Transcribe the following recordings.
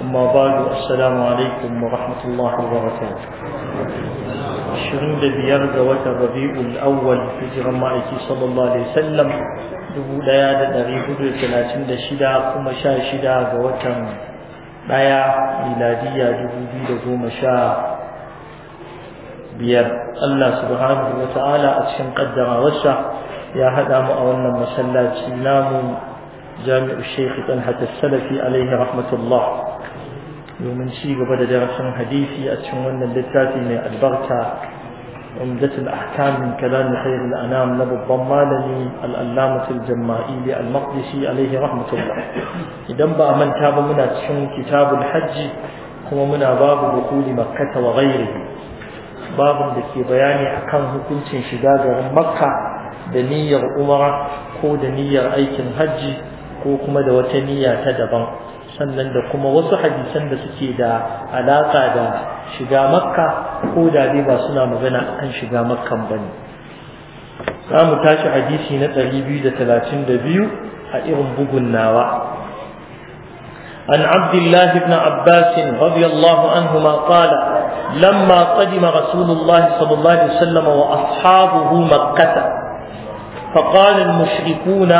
أما بعد السلام عليكم ورحمة الله وبركاته شرين بيار جوات الربيع الأول في جرمائك صلى الله عليه وسلم دبو ليادة دريه دو ثلاثين دشدا كما شا شدا جوات بايا ميلادية دبو دي دبو مشا بيار الله سبحانه وتعالى أتشن قدر وسع يا هذا مؤونا مسلات سلام جامع الشيخ طلحة السلفي عليه رحمة الله domin ci gaba da darasin hadisi a cikin wannan littafi mai albarka umdatul ahkam min kalam khair al anam na babban malami al allamah al jamma'ili al maqdisi alaihi rahmatullah idan ba manta ba muna cikin kitabul hajji kuma muna babu dukuli makkah wa ghairihi babun da ke bayani akan hukuncin shiga garin makka da niyyar umara ko da niyyar aikin hajji ko kuma da wata niyya ta daban sannan da kuma wasu hadisan da suke da alaka da shiga makka ko da dai ba suna magana akan shiga makkan ba ne za mu tashi hadisi na 232 a irin bugun nawa an عبد ibn abbas radiyallahu رضي الله عنهما قال لما قدم رسول الله صلى الله عليه وسلم وأصحابه مكة فقال المشركون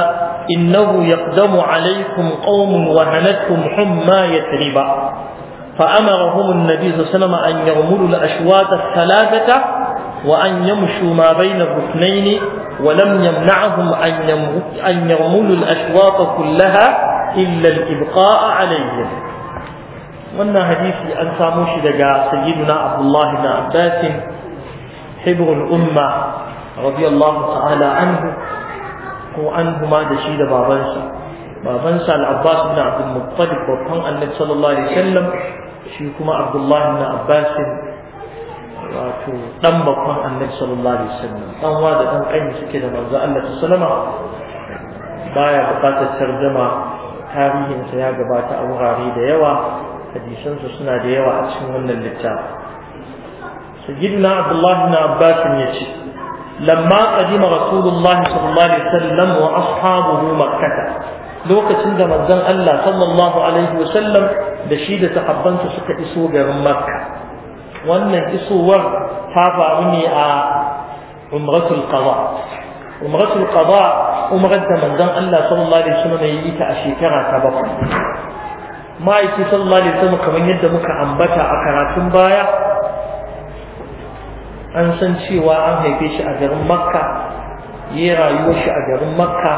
إنه يقدم عليكم قوم وهنتهم حمى يثربا فأمرهم النبي صلى الله عليه وسلم أن يغمروا الأشواط الثلاثة وأن يمشوا ما بين الركنين ولم يمنعهم أن يغمروا الأشواط كلها إلا الإبقاء عليهم وأن حديث أن ساموش دقاء سيدنا عبد الله بن عباس حبر الأمة رضي الله تعالى عنه ko an huma da shi da babansa babansa al-abbas ibn abdul muttalib babban annabi sallallahu alaihi wasallam shi kuma abdullahi ibn abbas wato dan babban annabi sallallahu alaihi wasallam dan wa da dan kai suke da manzo Allah sallama baya bukatar tarjuma tarihinsa ya gabata a wurare da yawa hadisansa suna da yawa a cikin wannan littafi sayyidina abdullahi ibn abbas ya ce لما قدم رسول الله صلى الله عليه وسلم وأصحابه مكة lokacin da manzon Allah sallallahu alaihi wasallam da shi da sahabbansa suka iso garin Makka wannan isowar ta faru ne a umratul qada umratul qada umrar da manzon Allah sallallahu alaihi wasallam ya yi ta a shekara ta bakwai ma'aiki sallallahu alaihi kamar yadda muka ambata a karatun baya an san cewa an haife shi a garin makka yi rayuwar shi a garin makka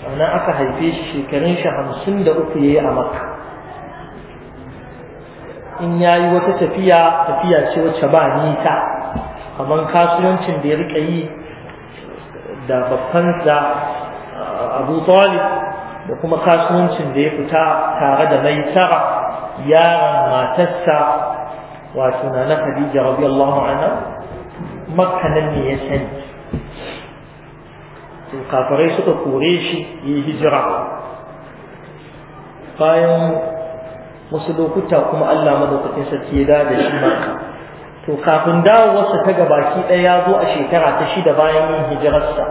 sannan aka haife shi shekarun shi hamsin da uku ya yi a makka in ya yi wata tafiya tafiya ce wacce ba nisa kamar kasuwancin da ya rika yi da baffansa uh, abu talib da kuma kasuwancin da ya fita tare da mai tara, yaron matarsa wato na na Khadija radiyallahu anha Makka nan ne ya sani to kafirai suka kore shi yi hijira bayan wasu lokuta kuma Allah madaukakin sarki ya da shi Makka to kafin dawowarsa ta gabaki ɗaya ya zo a shekara ta shida bayan yin hijirarsa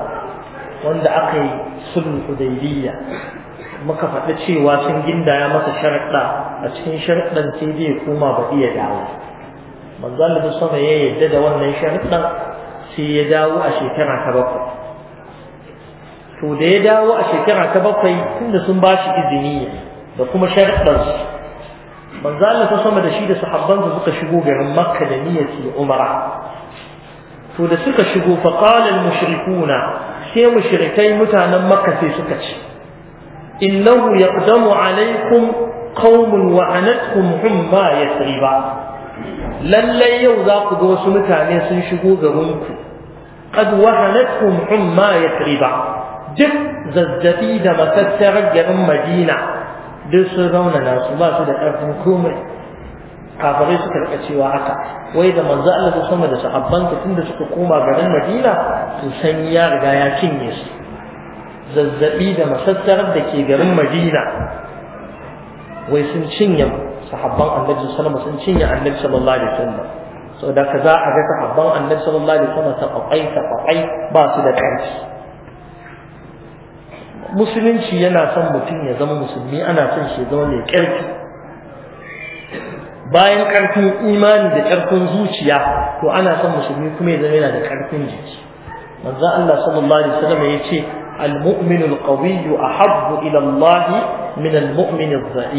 wanda aka yi sulhu hudaybiyya muka faɗi cewa sun gindaya masa sharaɗa a cikin sharaɗan sai zai koma baɗi ya dawo manzo Allah sama ya yadda da wannan sharuɗan sai ya dawo a shekara ta bakwai to da ya dawo a shekara ta bakwai tunda sun ba shi izini da kuma sharuɗan su manzo Allah sama da shi da sahabbansa suka shigo garin Makka da niyyar su umara to da suka shigo fa qala al mushrikuna sai mushrikai mutanen Makka sai suka ce innahu yaqdamu alaikum qaumun wa anatkum humma yasriba lallai yau za ku ga wasu mutane sun shigo garinku kad wahanatkum humma yathriba duk zazzabi da matattarar garin madina duk sun na su ba su da ƙarfin komai kafirai suka rika cewa haka wai da manzo Allah sama da ka tunda suka koma garin madina to sanyi ya riga ya cinye su zazzabi da matattarar da ke garin madina wai sun cinye sahabban annabi sallallahu alaihi wasallam sun cinye annabi sallallahu alaihi wasallam so da ka za a ga sahabban annabi sallallahu alaihi wasallam ta kwakwai ta kwakwai ba su da ƙarfi musulunci yana son mutum ya zama musulmi ana son shi zama mai ƙarfi bayan ƙarfin imani da ƙarfin zuciya to ana son musulmi kuma ya zama yana da ƙarfin jiki manzo Allah sallallahu alaihi wasallam ya ce al-mu'minu al-qawiyyu ahabbu ila Allah min al-mu'min adh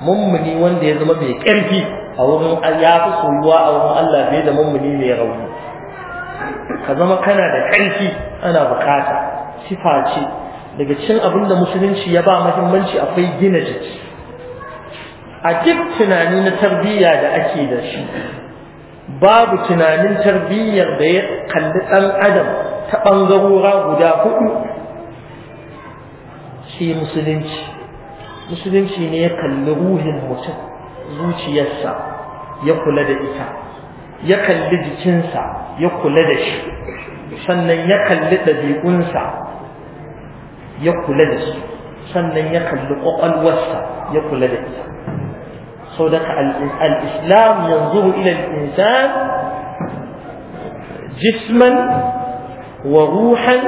mummuni wanda ya zama mai ƙarfi a wurin ya fi soyuwa a wurin Allah fiye da mummuni mai rauni ka zama kana da ƙarfi ana bukata sifa ce daga cin abin da musulunci ya ba muhimmanci akwai gina jiki a duk tunani na tarbiyya da ake da shi babu tunanin tarbiyyar da ya kalli ɗan adam ta ɓangarora guda hudu shi musulunci musulunci ne ya kalli ruhin mutum zuciyarsa ya kula da ita ya kalli jikinsa ya kula da shi sannan ya kalli ɗabi'unsa ya kula da su sannan ya kalli ƙwaƙwalwarsa ya kula da ita sau da al'islam yanzu ila al'insan jisman wa ruhan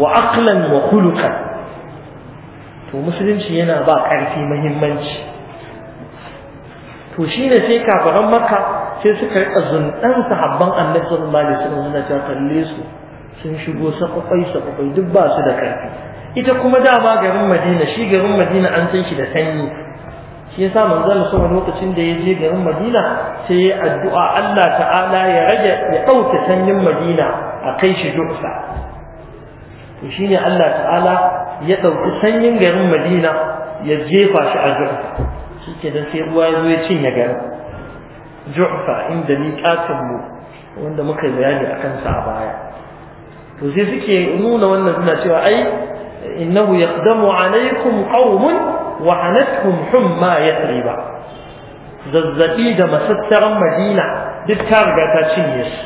wa aqlan wa khuluqan to musulunci yana ba ƙarfi muhimmanci to shine sai kafaran makka sai suka rika zundan sahabban annabi sallallahu alaihi wasallam suna ta kalle su sun shigo sakwai sakwai duk ba su da ƙarfi ita kuma dama garin Madina shi garin Madina an san shi da sanyi shi yasa manzon sama lokacin da ya je garin Madina sai ya addu'a Allah ta'ala ya rage ya dauke sanyin Madina a kai shi duksa to shine Allah ta'ala ya ɗauki sanyin garin madina ya jefa shi a jufa shi ke sai ruwa ya zo ya cinye garin jufa inda miƙatinmu wanda muka yi bayani a kansa a baya to sai suke nuna wannan suna cewa ai innahu yaqdamu alaikum qaumun wa hanatkum humma yathriba zazzabi da masattaran madina duk ta riga ta cinye su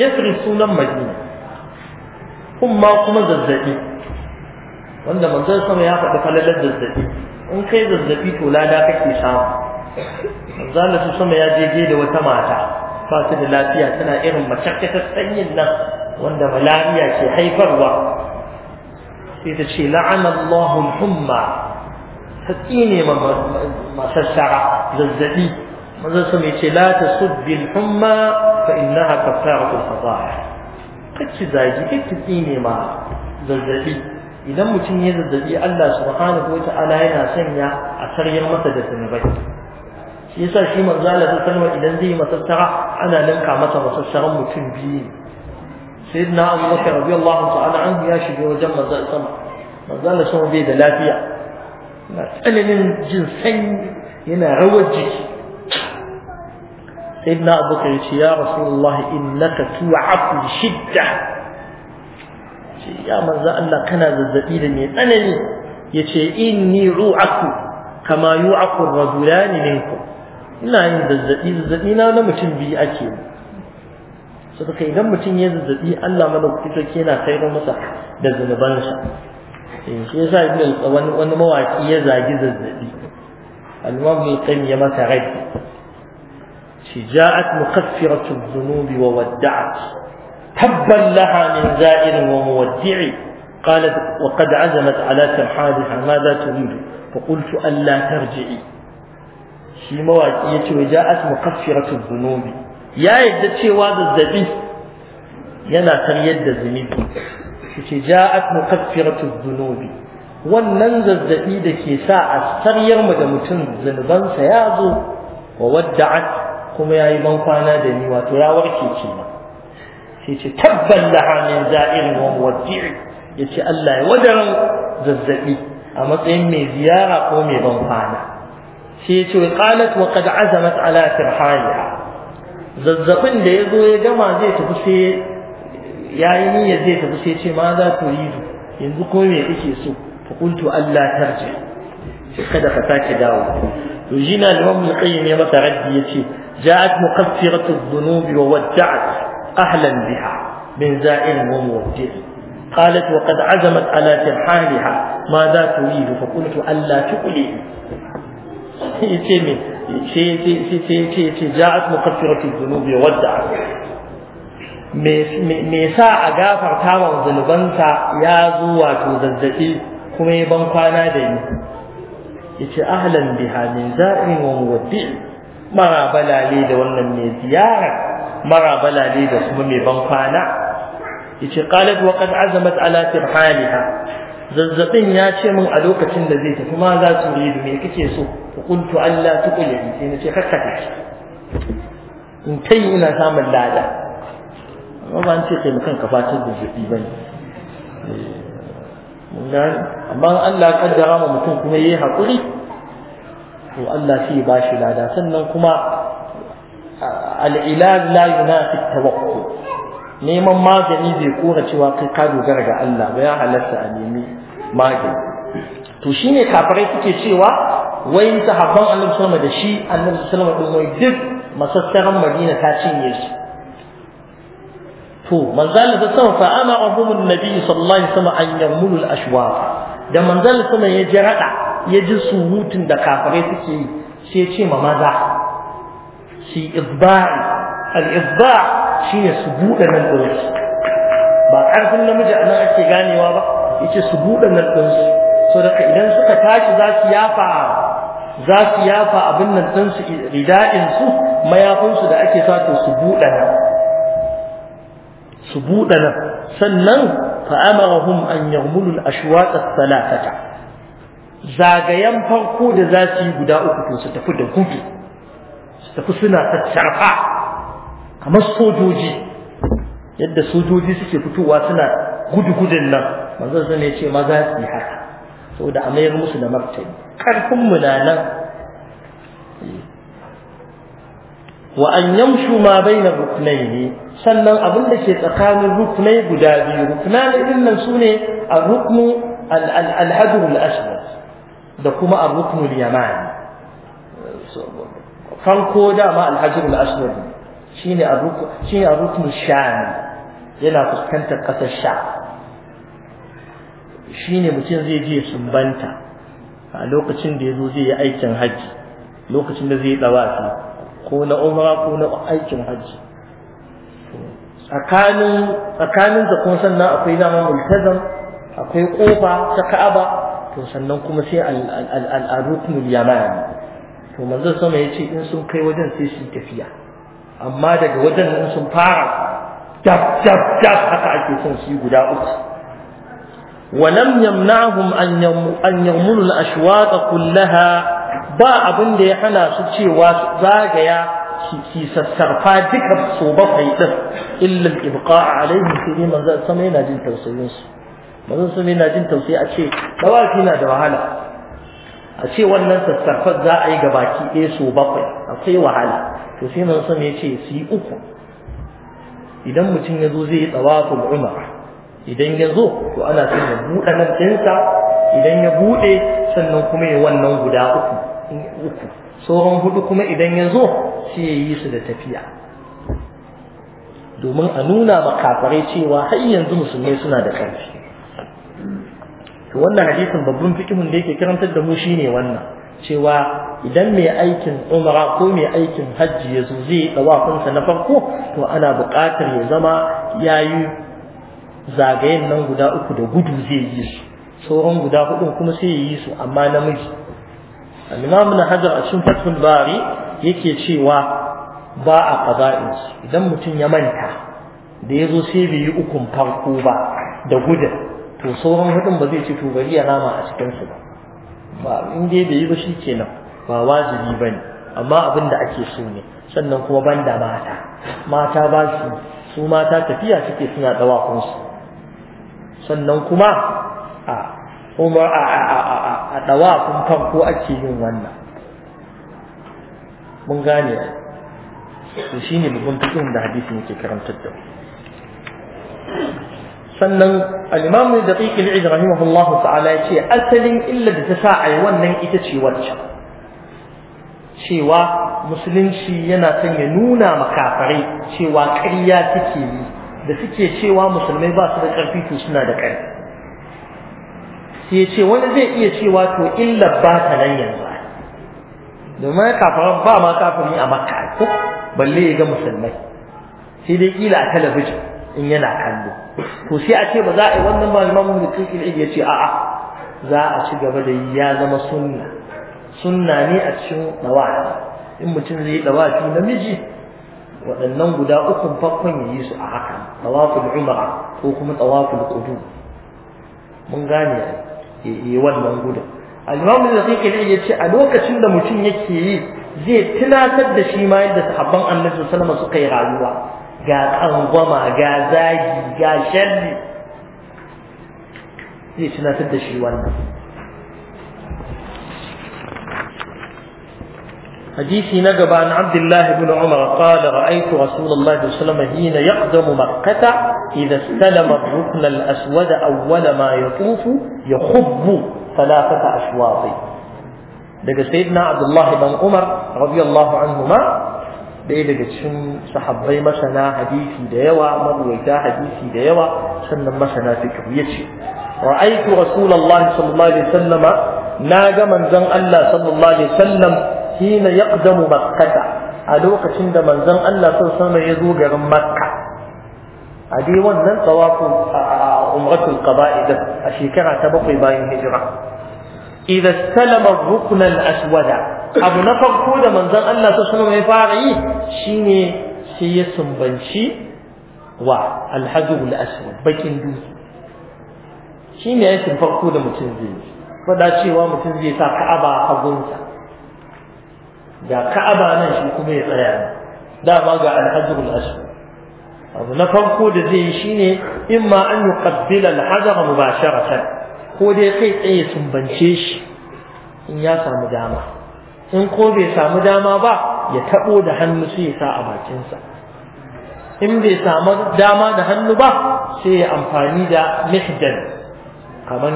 yasri sunan madina kuma kuma zazzabi wanda manzon sama ya faɗi falalar zazzabi in kai zazzabi to lada kake samu manzon su sama ya jeje da wata mata ba su da lafiya tana irin macakkatar sanyin nan wanda malariya ke haifarwa sai ta ce la'anallahu humma hatsi ne masassara zazzabi manzon sama ya ce la tasubbil humma fa innaha kafaratul fadaya kacci zagi kacci tsine ma zazzabi idan mutum ya zazzabi Allah subhanahu wa ta'ala yana sanya a sarriyar masa da zunubai shi yasa shi manzo Allah ta sanwa idan zai masassara ana linka masa masassaran mutum biyu sayyidina Abu Bakar radiyallahu ta'ala anhu ya shiga wajen manzo sama manzo Allah sama bai da lafiya na tsananin jin sanyi yana rawar jiki sayyidina Abu Bakar ya ce ya Rasulullah innaka tu'afu shidda ce ya manzo Allah kana zazzabi da mai tsanani yace inni ru'aku kama yu'aku rajulani minku ina yin zazzabi zazzabi na na mutum biyu ake saboda idan mutum ya zazzabi Allah madaukaki sarki yana sayar masa da zunubansa shi eh, yasa ibn wani wani mawaki ya zagi zazzabi al-imam al-qayyim ya masa rai shi ja'at mukaffiratuz dhunubi wa wadda'at تبا لها من زائر ومودع قالت وقد عزمت على ترحالها ماذا تريد فقلت ألا ترجعي shi mawaki ya ce waja'at mukaffiratu dhunubi ya yadda cewa zazzabi yana karyar da zunubi shi ce ja'at mukaffiratu dhunubi wannan zazzaɓi da ke sa a karyar mu da mutum zunubansa ya zo wa wadda'at kuma yayi ban kwana da ni wato ya warke cewa. yace tabban laha min za'irin wa muwaddi'i yace Allah ya wadaran zazzabi a matsayin mai ziyara ko mai ban kwana sai yace wa qalat wa qad azamat ala firhaliha zazzabin da yazo ya gama zai tafi sai yayi niyya zai tafi sai ce ma za ku yi yanzu ko me kike so fa qultu Allah tarji kada ka sake dawo to jina al-imam al-qayyim ya masa raddi yace ja'at muqaffiratu dhunubi wa wadda'at أهلا بها من زائر ومودع قالت وقد عزمت على ترحالها ماذا تريد فقلت ألا تقلي جاءت مكفرة الذنوب وودعت me sa a gafarta wa zunubanta ya zo wato zazzabi kuma ya ban kwana da ni yace ahlan biha min za'irin wa muwaddi mara balale da wannan mai ziyara marabala ne da kuma mai ban kwana yace qalat wa qad azamat ala tirhaliha zazzabin ya ce min a lokacin da zai tafi ma za su ridu me kake so Ku kuntu Allah tuqli sai nace kakka tafi in kai ina samun lada amma ba an ce kai mukan ka fatar da zabi bane eh, mun gani amma Allah ya kaddara mu mutum kuma yayi hakuri to Allah sai ya bashi lada sannan kuma al'ilal la yunafi tawakkul neman magani zai kora cewa kai ka dogara ga Allah ba ya halatta a nemi magani to shi ne kafirai suke cewa wai sahabban Annabi sallallahu alaihi da shi Annabi sallallahu alaihi wasallam duk masassaran Madina ta cinye su to manzal da sama fa amarahum annabi sallallahu alaihi wasallam an yamulu al-ashwaq da manzal sama ya ji rada ya ji surutun da kafirai suke sai ce ma maza shi isba'i al shi ne su buɗe nan ɗinsu ba ƙarfin namiji a nan ake ganewa ba yace su buɗe nan ɗinsu so daga idan suka tashi za su yafa za su yafa abin nan ɗinsu rida'insu mayafinsu da ake sato su buɗe nan su buɗe nan sannan fa'amarahum an yarmulul ashwaq as-salatata zagayen farko da za su yi guda uku to su tafi da gudu tafi suna tattarfa kamar sojoji yadda sojoji suke fitowa suna gudu-gudun nan manzon sun ya ce maza su yi haka saboda a mayar musu da martani karfin mu na nan wa an yamshu ma baina ruknaini sannan abin da ke tsakanin ruknai guda biyu ruknan din nan sune ar-ruknu al-hadr al-aswad da kuma ar-ruknu al-yamani farko dama alhajar al'aswad shi ne a rukun sha'ani yana fuskantar ƙasar sha shi ne mutum zai je sumbanta a lokacin da ya zo zai yi aikin hajji lokacin da zai ɗawafi ko na umra ko na aikin hajji tsakanin tsakanin da kuma sannan akwai zaman multazam akwai kofa ta ka'aba to sannan kuma sai al-ruknul yamani to manzon sama ya ce in sun kai wajen sai su tafiya amma daga wajen nan sun fara jab jab jab haka ake son su guda uku ولم يمنعهم ان ان يمنوا الاشواق كلها ba abin da ya hana su cewa zagaya ki sassarfa duka so bakwai din illa ibqa alaihi sai manzo sama yana jin tausayin su manzo sama yana jin tausayi a ce dawaki na da wahala a ce wannan sassarfar za a yi ga baki ɗaya so bakwai akwai wahala to sai nan sama ya ce su yi uku idan mutum ya zo zai yi tsawa tsawafin umar idan ya zo to ana son ya buɗe nan ɗinsa idan ya buɗe sannan kuma ya wannan guda uku sauran hudu kuma idan ya zo sai ya yi su da tafiya domin a nuna ma cewa har yanzu musulmai suna da ƙarfi to wannan hadisin babban fikimin da yake karantar da mu shine wannan cewa idan mai aikin umra ko mai aikin hajji ya zo zai dawafinsa na farko to ana buƙatar ya zama yayi zagayen nan guda uku da gudu zai yi su sauran guda hudu kuma sai yayi su amma namiji al-imam na hajar a cikin fathul bari yake cewa ba a qada'in idan mutum ya manta da yazo sai bai yi ukun farko ba da gudun to sauran hudun ba zai ci to nama a cikin su ba ba in dai bai yi ba shi kenan ba wajibi ba ne amma abin da ake so ne sannan kuma banda mata mata ba su su mata tafiya suke suna ɗawakunsu, sannan kuma a kuma a a a a a ake yin wannan mun gane to shine babban fikin da hadisi yake karantar da mu sannan alimamu da tsikin al'id rahimahullahu ta'ala ya ce asalin illa da ta sa a wannan ita ce wancan cewa musulunci yana son ya nuna makafarai cewa ƙarya suke yi da suke cewa musulmai ba su da ƙarfi to suna da ƙarfi sai ya ce wani zai iya cewa to illa ba ta nan yanzu domin kafaran ba ma yi a makka ko balle ya ga musulmai sai dai kila a talabijin in yana kallo to sai a ce ba za a yi wannan ba imamu da kirkin yace a'a za a ci gaba da ya zama sunna sunna ne a cikin dawa in mutum zai yi shi namiji waɗannan guda uku farkon yayi yi su a haka tawaful umra ko kuma tawaful qudu mun gane yi wannan gudun al-imam al-zaqiqi ya ce a lokacin da mutum yake yi zai tunatar da shi ma yadda sahabban annabi sallallahu alaihi wasallam suka yi rayuwa ga ƙangwama ga zagi ga shalli zai tunatar da shi wannan حديثي نقب عن عبد الله بن عمر قال رأيت رسول الله صلى الله عليه وسلم حين يقدم مكة إذا استلم الركن الأسود أول ما يطوف يخب ثلاثة أشواط لقى سيدنا عبد الله بن عمر رضي الله عنهما ɗaya daga cikin sahabbai masana hadisi da yawa marwaita hadisi da yawa sannan masana fiqh yace ra'aytu rasulullahi sallallahu alaihi wasallama na ga manzon Allah sallallahu alaihi wasallam hina yaqdamu makkata a lokacin da manzon Allah sallallahu alaihi wasallam ya zo garin makka a dai wannan tawafin umratul qaba'i a shekara ta bakwai bayan hijira idan salama ruknan aswada abu na farko da manzon Allah ta sunan ya fara yi shine sai ya sumbanci wa alhajjul aswad bakin dutse shine yakin farko da mutum zai yi fada cewa mutum zai sa ka'aba a gunsa ga ka'aba nan shi kuma ya tsaya dama ga alhajjul aswad abu na farko da zai yi shine imma an yuqabbila alhajar mubasharatan ko dai kai tsaye sumbance shi in ya samu dama in ko bai samu dama ba ya taɓo da hannu sai ya sa a bakinsa in bai samu dama da hannu ba sai ya amfani da mihdan kamar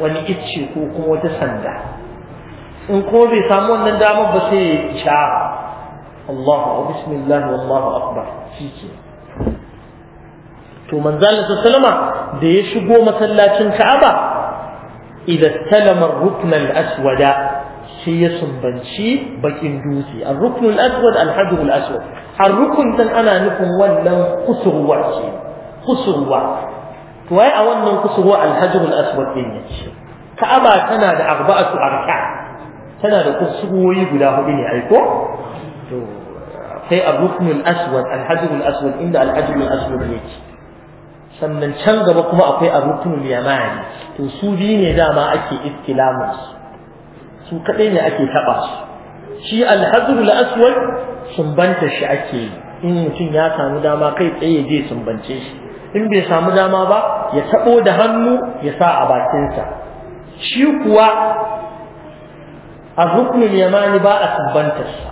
wani icce ko kuma wata sanda in ko bai samu wannan damar ba sai ya sha Allahu bismillah wallahu akbar shike to manzo Allah sallama da ya shigo masallacin Ka'aba idan talama rukn al-aswada sai ya sumbanci bakin dutse ar-ruknul aswad al-hajarul aswad ar-rukn ana nufin wannan kusurwa ce kusurwa to wai a wannan kusurwa al-hajarul aswad din ne ka'aba tana da arba'atu arka tana da kusurwoyi guda hudu ne ai ko to sai ar-ruknul aswad al-hajarul aswad inda al-hajarul aswad yake sannan can gaba kuma akwai ar-ruknul yamani to su biyu ne dama ake istilamun su su kaɗai ne ake taɓa su shi la aswad sumbanta shi ake yi in mutum ya samu dama kai tsaye je sumbance shi in bai samu dama ba ya taɓo da hannu ya sa a bakinsa shi kuwa a rukunin yamani ba a sumbantarsa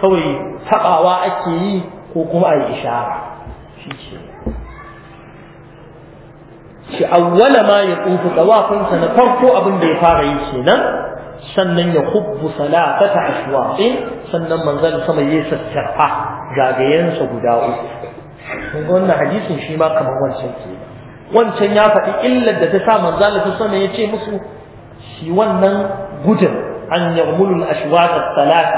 kawai taɓawa ake yi ko kuma a yi ishara shi shi awwala ma ya tsufu tawafinsa na farko abin da ya fara yi kenan sannan ya hubbu salatata ashwaqin sannan manzon sama ya sassarfa gagayensa guda uku wannan hadisin shi ma kamar wancan ke wancan ya faɗi illar da ta sa manzon sama ya ce musu shi wannan gudun an yagmulu al-ashwaq as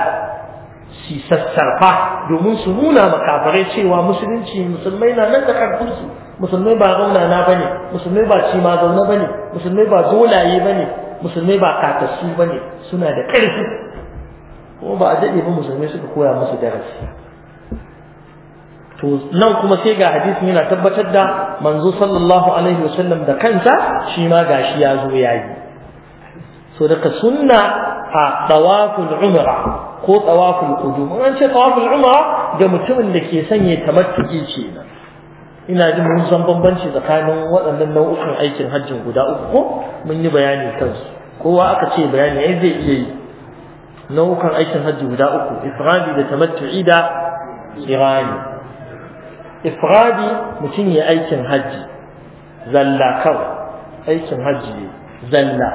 sassarfa domin su nuna makafarai cewa musulunci musulmai na nan da su. musulmai ba zauna na bane, musulmai ba ci ma zaune musulmai ba dolaye bane musulmai ba katassu bane. suna da ƙarfi kuma ba a daɗe ba musulmai suka koya musu darasi to nan kuma sai ga hadisin yana tabbatar da manzo sallallahu alaihi wasallam da kansa shi ma gashi ya zo ya yi so daga sunna a tawaful umra ko tawaful qudum an ce tawaful umra ga mutumin da ke sanya tamattuki kenan ina jin mun san bambanci tsakanin waɗannan nau'ukan aikin hajjin guda uku ko mun yi bayani kansu kowa aka ce bayani ai zai iya yi nau'ukan aikin hajji guda uku ifradi da tamattu'i da kirani ifradi mutum ya aikin hajji zalla kawai aikin hajji ne zalla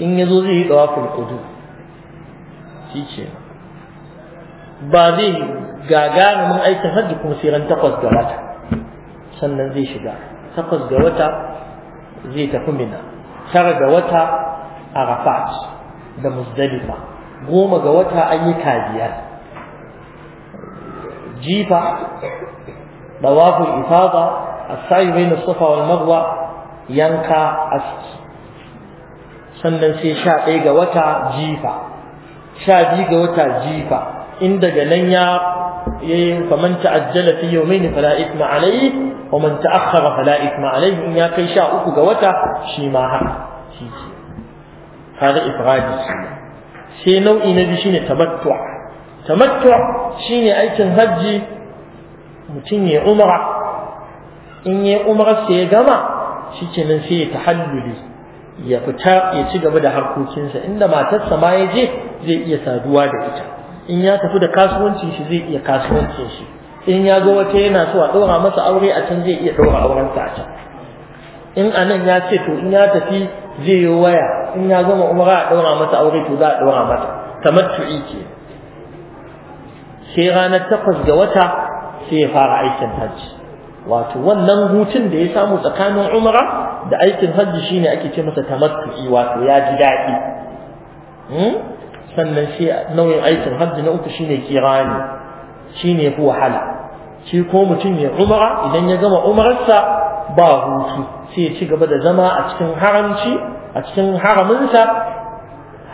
in ya zo zai yi tsawafin kudu shi ba zai Ga gane mun aikin hajji kuma sai takwas ga wata sannan zai shiga takwas ga wata zai tafi mina tara ga wata arafat da musdalifa, goma ga wata an yi kabiya jifa dawaful ifada as-sa'i bayna safa wal marwa yanka aski sannan sai sha ɗaya ga wata jifa sha biyu ga wata jifa in daga nan ya yayin faman ta'ajjala fi yawmayn fala ithma alayhi wa man ta'akhkhara fala ithma alayhi in ya kai sha uku ga wata shi ma haka shi ce kada ifradi sai nau'i na biyu shine tamattu tamattu shine aikin hajji mutum ya umra in ya umra sai ya gama nan sai ya tahalluli ya fita ya ci gaba da harkokinsa inda matarsa ma ya je zai iya saduwa da ita in ya tafi da kasuwancin shi zai iya kasuwancin shi in ya ga wata yana so a ɗora masa aure a can zai iya ɗora aurensa a can in a nan ya ce to in ya tafi zai yi waya in ya gama umara a ɗora masa aure to za a ɗora mata tamattu'i ke sai ranar takwas ga wata sai ya fara aikin hajji wato wannan hutun da ya samu tsakanin umara da aikin hajji shine ake ce masa tamattu'i wato ya ji daɗi hmm? sannan sai nauyin aikin hajji na uku shine kirani shine fi wahala shi ko mutum ya umara idan ya gama umararsa ba hutu sai ya ci gaba da zama a cikin haramci a cikin haraminsa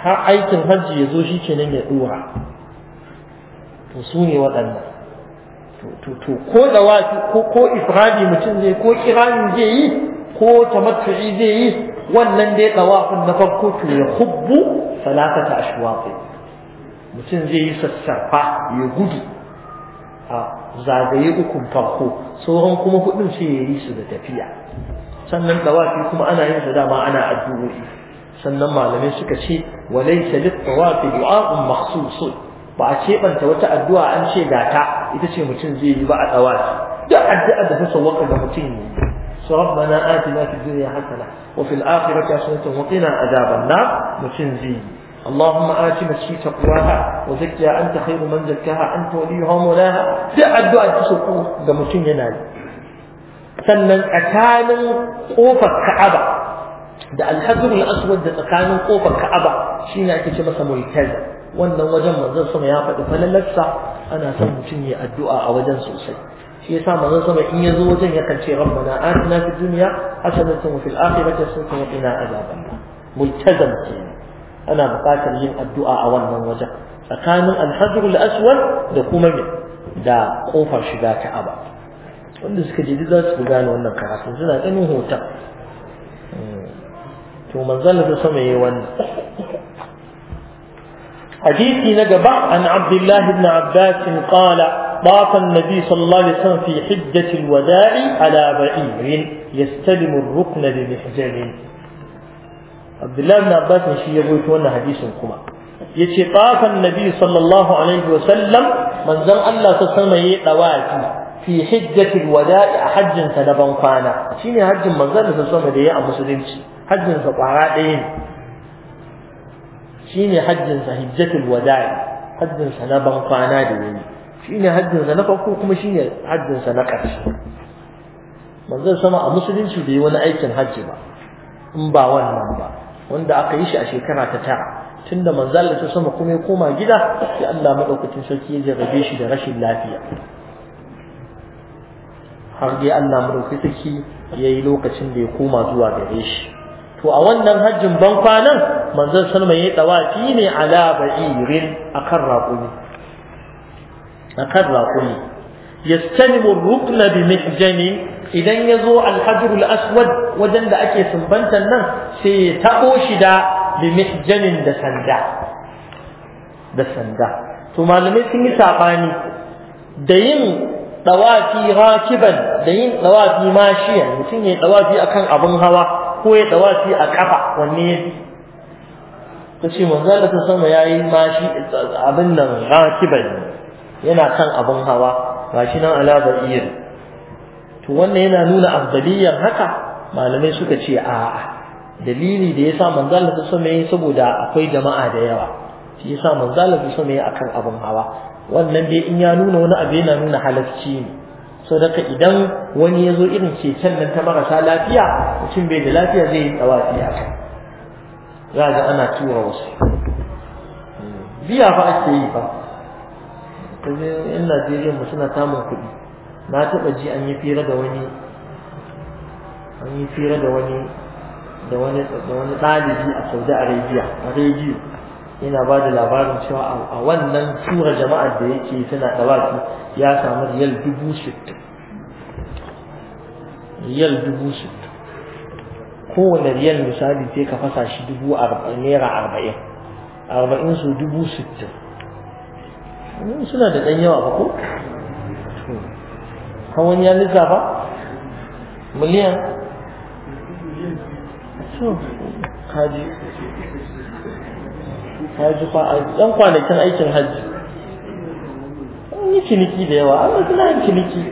har aikin hajji ya zo shi kenan ya dora to su ne waɗannan to ko da wasu ko ko ifradi mutum zai ko kirani zai yi ko tamattu'i zai yi wannan dai tawafin na farko to ya hubbu salatata ashwaqi mutum zai yi sassarfa ya gudu a zagaye ukun farko sauran kuma hudun sai ya yi su da tafiya sannan tawafi kuma ana yin sa dama ana addu'o'i sannan malamai suka ce walaysa lit-tawafi du'a'un makhsusun ba a ceɓanta wata addu'a an ce gata ita ce mutum zai yi ba a tawafi duk addu'a da ta sawwaka ga mutum ne ربنا آتنا في الدنيا حسنة وفي الآخرة حسنة وقنا عذاب النار متنزين اللهم آت مسكي تقواها وزكيها أنت خير من زكاها أنت وليها ومولاها دع الدعاء تسوقوا ده متن ينال سنن أكان قوفة كعبة ده الحجر الأسود أكان قوفة كعبة شين أكي شبس ملتزة وأن وجم وزن صنع فلن لسا أنا سنن الدعاء وجن سوسي شيء سامع نظم إن يزور جنة في ربنا آتنا في الدنيا حسنة في الآخرة حسنة وقنا عذاب ملتزم فيه أنا مقاتل يم الدعاء أول من وجه فكان الحجر الأسود دقوم من دا قوفا شباك أبا ونسك جديد ذات بغان وانا كراسل زنا تنو هو تا تو منزل بسمه وانا حديثي نقبع عن عبد الله بن عباس قال طاف النبي صلى الله عليه وسلم في حجة الوداع على بعير يستلم الركن لمحجل عبد الله بن عباس شي يقول وانا حديث كما يتي طاف النبي صلى الله عليه وسلم من زم الله تسمى دواتي في حجة الوداع حج سنبان فانا شيني حج من زم تسمى دي مسلم حج سقراء شيني حج حجة الوداع حج سنبان فانا دويني shine haddinsa na farko kuma shine haddinsa na ƙarshe manzon sama a musulunci bai wani aikin hajji ba in ba wannan ba wanda aka yi shi a shekara ta tara tunda manzon Allah ta sama kuma ya koma gida sai Allah madaukakin sarki ya jarrabe shi da rashin lafiya har dai Allah madaukakin ya yayi lokacin da ya koma zuwa gare shi to a wannan hajjin ban kwanan manzon salma yayi tawafi ne ala a kan raƙumi kan raƙumi yastanimu rukna bi mihjani idan ya zo alhajrul aswad wajen da ake sumbantan nan sai ya taɓo shi da bi mihjanin da sanda to malamai sun yi saɓani da yin ɗawafi rakiban da yin ɗawafi mashiya mutum akan abin hawa ko ya a ƙafa wanne ta ce sama yayi mashi abin nan yana kan abin hawa gashi nan ala ba'ir to wannan yana nuna afdaliyar haka malamai suka ce a'a dalili da yasa manzo Allah ta saboda akwai jama'a da yawa shi yasa manzo Allah ta akan abin hawa wannan dai in ya nuna wani abu yana nuna halacci ne so daga idan wani ya zo irin keken nan ta marasa lafiya mutum bai da lafiya zai yi tsawafi a kan za ga ana tura wasu hmm. biya fa ake yi ba. yan najeriya mu suna samun kuɗi na taɓa ji an yi fira da wani an yi fira da wani da wani da wani ɗalibi a saudi arabia a rediyo Ina ba da labarin cewa a wannan tura jama'ar da yake suna ɗawaki ya samu riyal dubu sittin riyal dubu sittin kowane riyal misali sai ka fasa shi dubu naira arba'in arba'in su dubu sittin suna da ɗan yawa ba ko hawan ya lissafa miliyan kaji kaji fa a ɗan kwanakin aikin hajji an yi ciniki da yawa an suna yin ciniki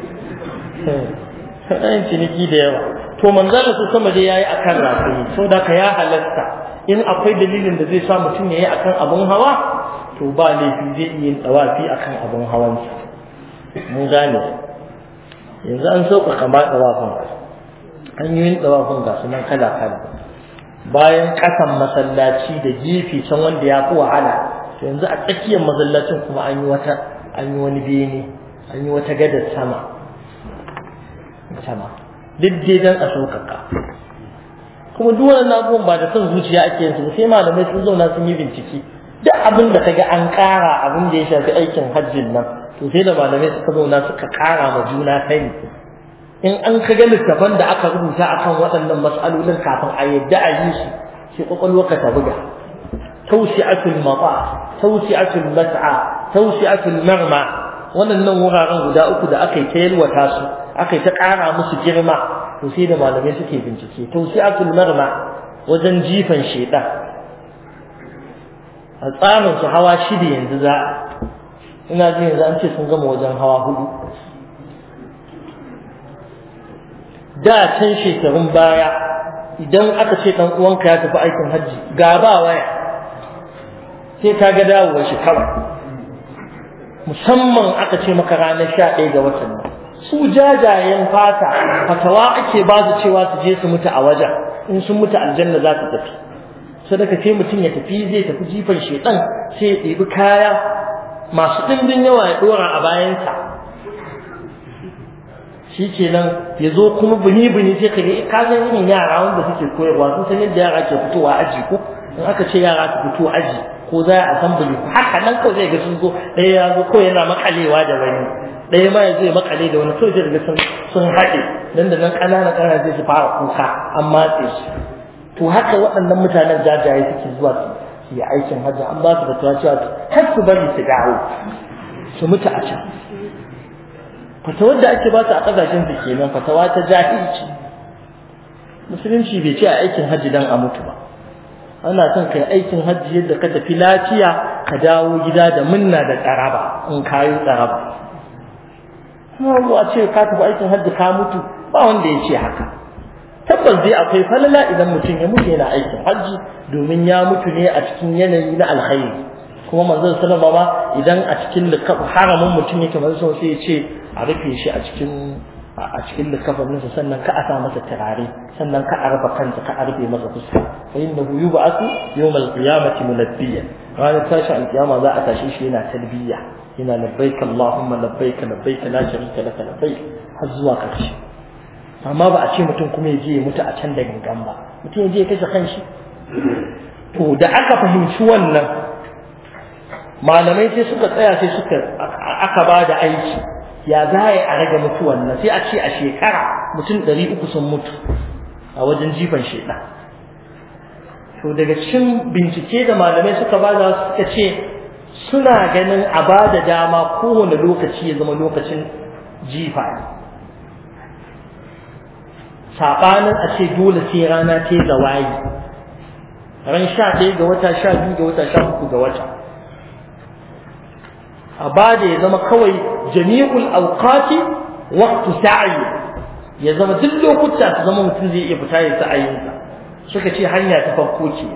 yin ciniki da yawa to da su sama dai ya yi a kan rasumi so da ka ya halatta in akwai dalilin da zai sa mutum ya yi a kan abin hawa to ba laifi zai iya yin tsawafi akan abin hawansa mun gane yanzu an sauƙaƙa ma tsawafin hanyoyin tsawafin ga sunan kala kala bayan ƙasan masallaci da gefe can wanda ya fi wahala yanzu a tsakiyar masallacin kuma an yi wata an yi wani bene an yi wata gadar sama sama duk dai don a sauƙaƙa kuma duk wannan abubuwan ba da son zuciya ake yin su sai malamai sun zauna sun yi bincike duk abin da kaga an ƙara abin da ya shafi aikin hajjin nan to sai da malamai suka zauna suka ƙara ma juna sani in an kaga littafan da aka rubuta akan waɗannan mas'alolin kafin a yadda a yi su sai ka ta buga tausi'atul mata tausi'atul mas'a tausi'atul marma waɗannan wuraren guda uku da aka yi ta yalwata su aka yi ta ƙara musu girma to sai da malamai suke bincike tausi'atul marma wajen jifan shaitan a tsarin su hawa shida yanzu za ina ji yanzu an ce sun gama wajen hawa hudu da can shekarun baya idan aka ce ɗan uwanka ya tafi aikin hajji ga ba waya sai ka ga dawowar shi musamman aka ce maka ranar sha ɗaya ga watan nan su jajayen fata fatawa ake ba su cewa su je su mutu a wajen in sun mutu aljanna za su tafi sadaka ce mutum ya tafi zai tafi jifan shedan sai ya ɗebi kaya masu ɗindin yawa ya ɗora a bayansa shi nan ya zo kuma bini-bini sai ka ga eh, ka san irin yara wanda suke koyarwa sun san yadda yara ke fitowa aji ko in aka ce yara su fito aji ko za a assembly haka nan kawai zai ga sun zo ɗaya ya zo ko yana makalewa da wani ɗaya ma ya zo ya makale da wani kawai sun haɗe nan da nan ƙanana ƙanana zai su fara kuka an matse shi to haka waɗannan mutanen jajaye suke zuwa su yi aikin hajji an ba su da tuwa cewa har su bari su dawo su mutu a can fatawar da ake ba su a ƙasashen su nan fatawa ta jahilci musulunci bai ce a aikin hajji don a mutu ba ana son kai aikin hajji yadda ka tafi lafiya ka dawo gida da munna da tsaraba in kayo tsaraba kuma a ce ka tafi aikin hajji ka mutu ba wanda ya ce haka tabbas dai akwai falala idan mutum ya mutu yana aikin hajji domin ya mutu ne a cikin yanayi na alhairi kuma manzon sallallahu ba idan a cikin haramin mutum yake manzon sai ya ce a rufe shi a cikin a cikin sannan ka a sa masa turare sannan ka a rufe kansa ka a rufe masa fuska fa innahu yub'athu yawmal qiyamati mulabbiyan ranar tashi alkiyama za a tashi shi yana talbiya yana labbaik allahumma labbaik labbaik la sharika laka labbaik har zuwa karshe amma ba a ce mutum kuma ya je ya mutu a can da gangan ba mutum ya je ya kashe kanshi to da aka fahimci wannan malamai sai suka tsaya sai suka aka ba da aiki ya za a rage mutuwan nan sai a ce a shekara mutum ɗari uku sun mutu a wajen jifan sheda to daga cikin bincike da malamai suka ba da suka ce suna ganin a ba da dama kowane lokaci ya zama lokacin jifa saɓanin a ce dole sai rana ta yi zawayi ran sha ɗaya ga wata sha biyu ga wata sha uku ga wata a ba da ya zama kawai jami'ul auqati waqtu sa'i ya zama duk lokuta su zama mutum zai iya fita ya sa'ayinsa suka ce hanya ta farko ce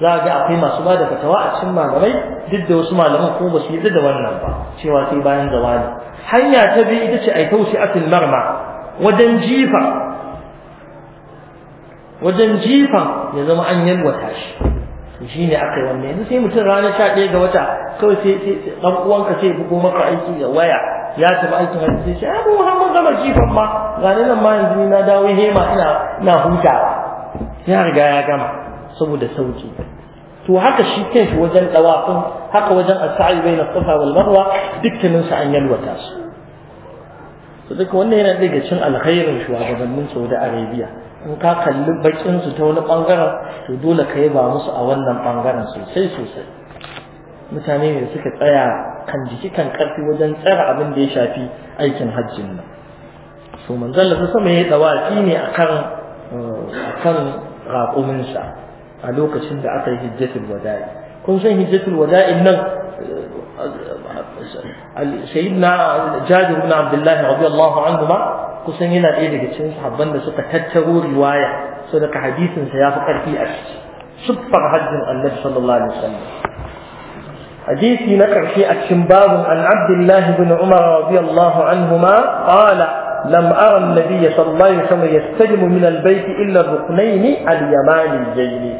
za a ga akwai masu ba da fatawa a cikin malamai duk da wasu malaman kuma ba su yi da wannan ba cewa sai bayan zawani hanya ta biyu ita ce a yi tausi asil marma wajen jifa wajen jifa ya zama an yalwata shi shi ne aka yi wannan yanzu sai mutum ranar sha ɗaya ga wata kawai sai ɗan uwanka sai bugo maka aiki da waya ya tafi aikin hajji sai ce abu ah, muhammad gama jifan ma gani nan ma yanzu na dawo hema ina ina hutawa ya riga ya gama saboda sauki to haka shi kanshi wajen dawafin haka wajen as-sa'i na safa wal marwa dukkanin an yalwata su to duka wannan yana daga cin alkhairin shugabannin Saudi Arabia in ka kalli bakin su ta wani bangaren to dole ka yi ba musu a wannan bangaren sosai sosai mutane ne suka tsaya kan jiki kan karfi wajen tsara abin da ya shafi aikin hajjin nan so manzon Allah sama ya dawafi ne akan akan raƙumin sa a lokacin da aka yi hijjatul wada'i kun san hijjatul wada'i nan eh, sayyidina Jabir ibn Abdullah radiyallahu anhu ma kusan yana ɗaya daga cikin sahabban da suka tattaro riwaya so daga hadisin sa yafi karfi a shi siffar hajjin annabi sallallahu alaihi wasallam hadisi na karshe a cikin babun an abdullahi bin umar radiyallahu anhuma qala lam ara an-nabiy sallallahu alaihi wasallam yastalimu min al-bayt illa ar-ruknayn al-yamani al-jayni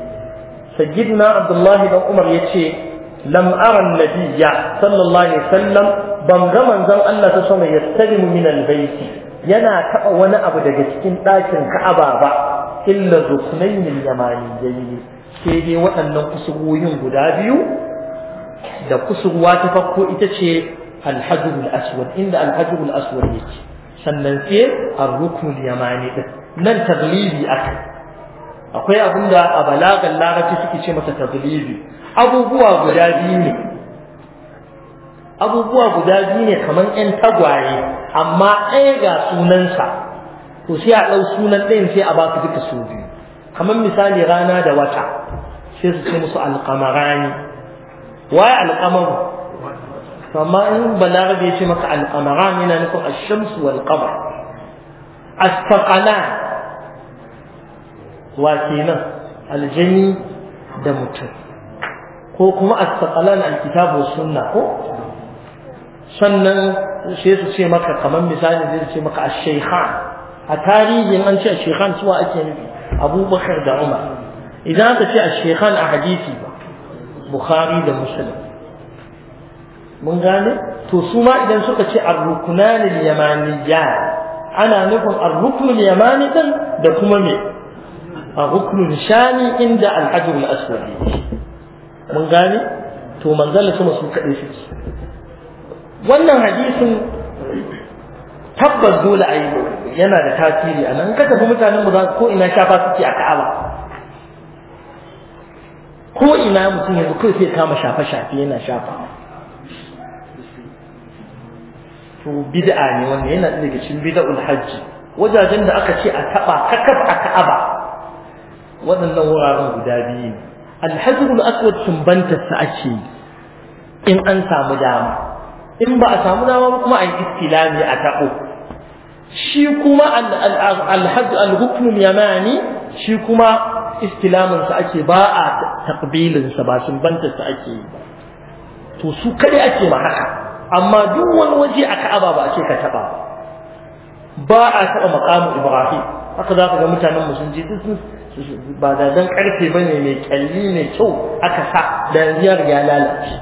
sayyidina abdullahi bin umar yace lam ara nabiyya sallallahu alaihi wasallam ban ga manzon Allah ta sama yastalimu min albayti yana taba wani abu daga cikin ɗakin Ka'aba ba illa zukunayn yamaniyyi sai dai waɗannan kusurwoyin guda biyu da kusurwa ta farko ita ce alhajjul aswad inda alhajjul aswad yake sannan sai ar-ruknul yamani din nan taglibi akai akwai abin da a balagan larabci suke ce masa tazlibi abubuwa guda biyu ne abubuwa guda biyu ne kamar ƴan tagwaye amma ɗaya ga sunansa to sai a ɗau sunan ɗayan sai a ba su duka su biyu kamar misali rana da wata sai su ce musu alƙamarani waye alƙamaru amma in balarabe ya ce maka alƙamarani yana nufin ashamsu walƙamar qamar wa kenan da mutum ko kuma astaqalan alkitabu sunna ko sannan sai su ce maka kamar misali zai ce maka a shaykhan a tarihin an ce a shaykhan suwa ake nufi abubakar da umar idan aka ce a shaykhan a hadisi ba bukhari da muslim mun gane to su ma idan suka ce a rukunanin al ana nufin a rukunin yamanikan da kuma me a rukunin shani inda alhajjul aswad mun gane to manzala kuma su kaɗai suke wannan hadisin tabbas dole ayi yi yana da tasiri a nan ka tafi ko ina shafa suke a ka'aba ko ina mutum yanzu kai sai kama shafe-shafe yana shafa to bid'a ne wannan yana daga cikin bid'ul hajji wajajen da aka ce a taba kakaf a ka'aba waɗannan wuraren guda biyu ne alhajjul aswad sumbantar sa ake in an samu dama in ba a samu dama ba kuma an istilami a tabo shi kuma alhajj alhukm yamani shi kuma istilamin sa ake ba a taqbilin sa ba sumbantar sa ake yi ba to su kada ake ma haka amma duk wani waje a Ka'aba ba ce ka taba ba a taba maqamin Ibrahim haka za ka ga mutanen mu sun je sun ba dan karfe ba ne mai kyalli mai kyau aka sa da yanzu ya lalace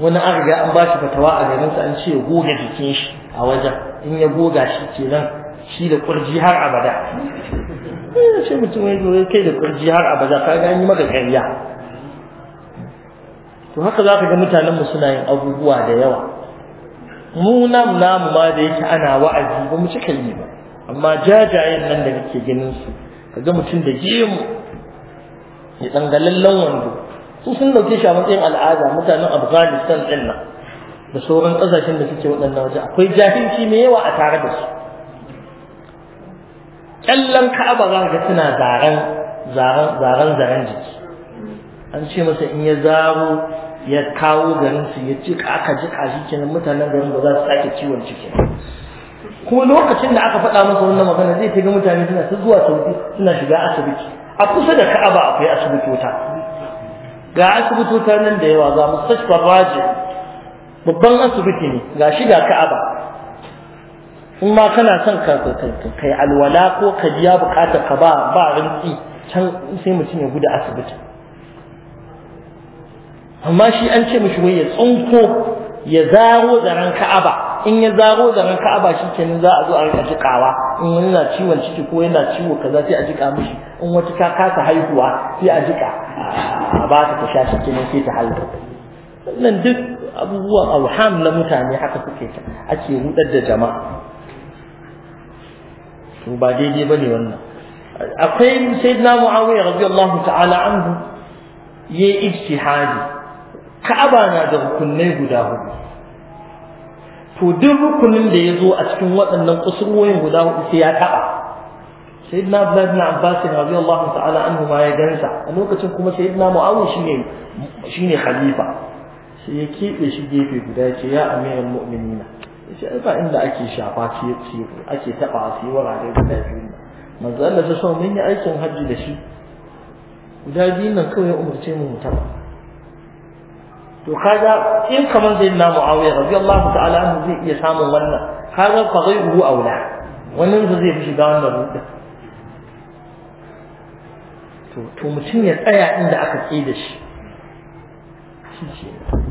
wani an riga an ba shi fatawa a sa an ce ya goga jikin shi a wajen in ya goga shi ke nan shi da kurji har abada eh, ya ce mutum ya zoye kai da kurji har abada ka ni maka kariya to haka za ka ga mutanenmu suna yin abubuwa da yawa mu namu namu ma da yake ana wa'azi ba mu cika yi ba amma jajayen nan da kake ganin su kaga mutum da gemu ya dangalallen wando su sun dauke shi a matsayin al'ada mutanen afghanistan din nan da sauran kasashen da suke waɗannan waje akwai jahilci mai yawa a tare da su ƙyallen ka'aba za ga suna zaren zaren jiki an ce masa in ya zaro ya kawo garinsu ya jika aka jika shi kenan mutanen garin ba za su sake ciwon ciki kuma lokacin da aka faɗa masa wannan magana zai ga mutane suna ta zuwa sauki suna shiga asibiti a kusa da ka'aba akwai asibitota ga asibitota nan da yawa ga mustashfa raji babban asibiti ne ga shi ga ka'aba in ma kana son ka kai alwala ko ka biya bukata ka ba ba rinki can sai mutum ya gudu asibiti amma shi an ce mishi wai ya tsunko ya zaro zaren ka'aba in ya zaro daga ka'aba shi kenan za a zo a rika jikawa in wani na ciwon ciki ko yana ciwo kaza sai a jika mishi in wata ta kasa haihuwa sai a jika a ba ta ta shi kenan sai ta haihu nan duk abubuwan alham na mutane haka suke ta ake rudar da jama'a to ba daidai bane wannan akwai sayyidina muawiya radiyallahu ta'ala anhu yayi ijtihadi ka'aba na da kunnai guda hudu to duk rukunin da ya zo a cikin waɗannan kusurwoyin guda hudu sai ya taɓa sayyidina abdullahi bin abbas radiyallahu ta'ala anhu ma ya gansa a lokacin kuma sayyidina mu'awiyah shine shine khalifa sai ya keɓe shi gefe guda ce ya amiran mu'minina yace ai ba inda ake shafa ce ake taɓa su yi wurare guda biyu manzo Allah ta so mun yi aikin hajji da shi guda biyu nan kawai ya umarce mu mu taɓa to kaga in kaman zai na muawiya radiyallahu ta'ala anhu zai iya samun wannan kaga fa zai ruwa aula wannan zai fi shiga wannan ruɗa to to mutum ya tsaya inda aka ke da shi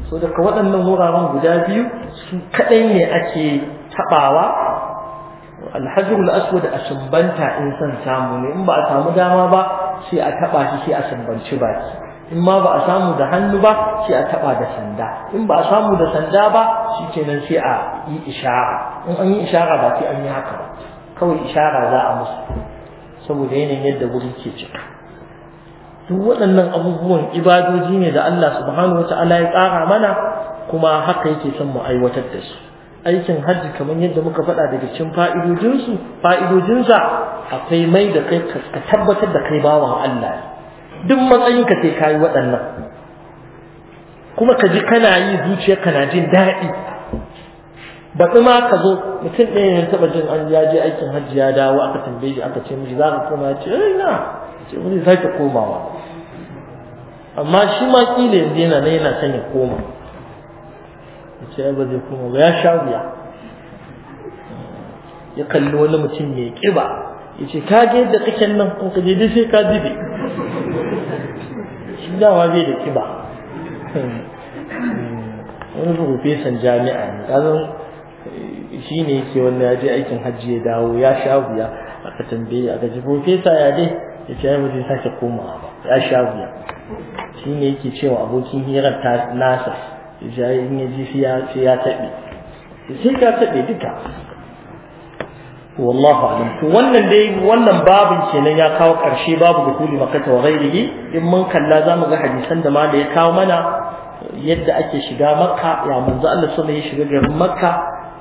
so daga waɗannan wuraren guda biyu su kaɗai ne ake taɓawa alhajrul aswad a sumbanta in son samu ne in ba a samu dama ba sai a taɓa shi sai a sumbanci baki in ma ba a samu da hannu ba sai a taba da sanda in ba a samu da sanda ba shi kenan sai a yi ishara in an yi ishara ba sai an yi haka ba kawai ishara za a musu saboda yanayin yadda wurin ke cika duk waɗannan abubuwan ibadoji ne da Allah subhanahu Ta'ala ya tsara mana kuma haka yake son mu aiwatar da su aikin hajji kamar yadda muka faɗa daga cikin fa'idojinsu fa'idojinsa akwai mai da kai ka tabbatar da kai bawan Allah ne duk matsayinka sai yi waɗannan kuma ka ji kana yi zuciya kana jin daɗi ba ma ka zo mutum ɗaya ya taɓa jin an ya je aikin hajji ya dawo aka tambaye shi aka ce mishi za ka koma ya ce eh na ce wani ka komawa amma shi ma kila yanzu yana na yana son ya koma ya ce ba zai koma ba ya sha wuya ya kalli wani mutum mai ƙiba ya ce ka ga yadda kake nan kun ka je dai sai ka zube shi dawa zai da kiba wani profesan jami'a ne kazan shi ne yake wanda ya je aikin hajji ya dawo ya sha wuya aka tambaye aka ji profesa ya dai ya ce ya mutu sake komawa ba ya sha wuya shi ne yake cewa abokin hirar ta nasa ya ji ya taɓe sai ka taɓe duka wallahu alam to wannan dai wannan babin kenan ya kawo karshe babu dukuli makkah wa ghairihi in mun kalla zamu ga hadisan da ma ya kawo mana yadda ake shiga makka ya manzo Allah sallallahu alaihi shiga garin makka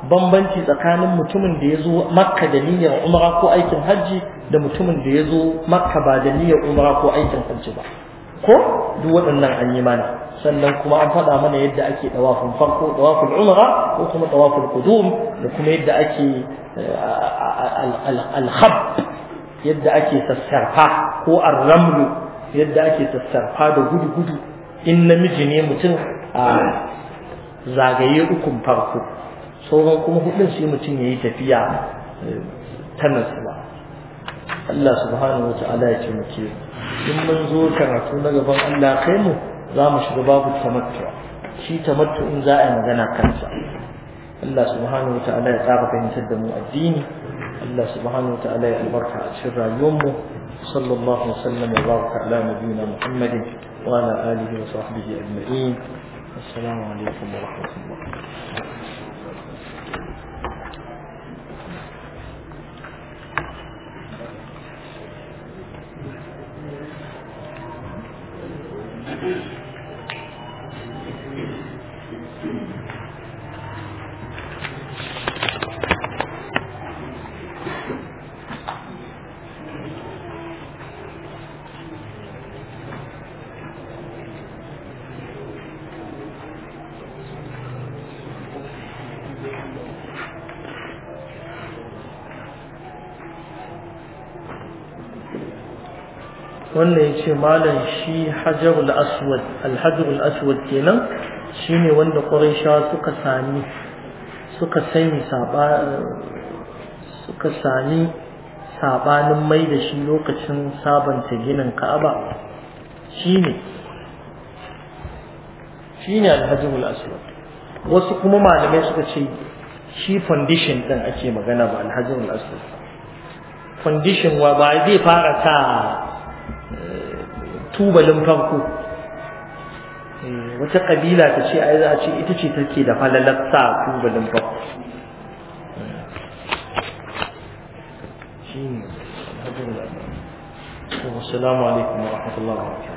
bambanci tsakanin mutumin da yazo makka da niyyar umra ko aikin hajji da mutumin da yazo zo makka ba da niyyar umra ko aikin hajji ba ko duk waɗannan an yi mana sannan kuma an faɗa mana yadda ake ɗawafin farko ɗawafin umra ko kuma ɗawafin kudum da kuma yadda ake eh, alhab yadda ake sassarfa ko arramlu yadda ake sassarfa da gudu-gudu in namiji ne mutum a zagaye ukun farko sauran kuma hudun sai mutum ya yi tafiya eh, ta nasuwa Allah subhanahu wa ta'ala ya ce muke in mun zo karatu na gaban Allah kai mu za mu shiga babu tamattu shi tamattu in za a yi magana kansa Allah subhanahu wa ta'ala ya tsara fahimtar da mu addini Allah subhanahu wa ta'ala ya albarka a cikin mu. sallallahu alaihi wasallam wa baraka ala nabiyina Muhammadin wa ala alihi wa sahbihi ajma'in assalamu alaikum wa rahmatullah Thank you. wannan ya ce malam shi hajarul aswad alhajarul aswad kenan shi ne wanda ƙwarai suka sami suka sani suka sami sabanin mai da shi lokacin sabanta ginin ka'aba shi ne shi ne alhajarul aswad wasu kuma malamai suka ce shi foundation ɗin ake magana ba alhajarul aswad foundation wa ba zai fara ta tubalin farko eh, wata kabila ta ce ai za a ce ita ce take da falalar sa tubalin farko shine alhamdulillah wa assalamu alaikum wa rahmatullahi wa barakatuh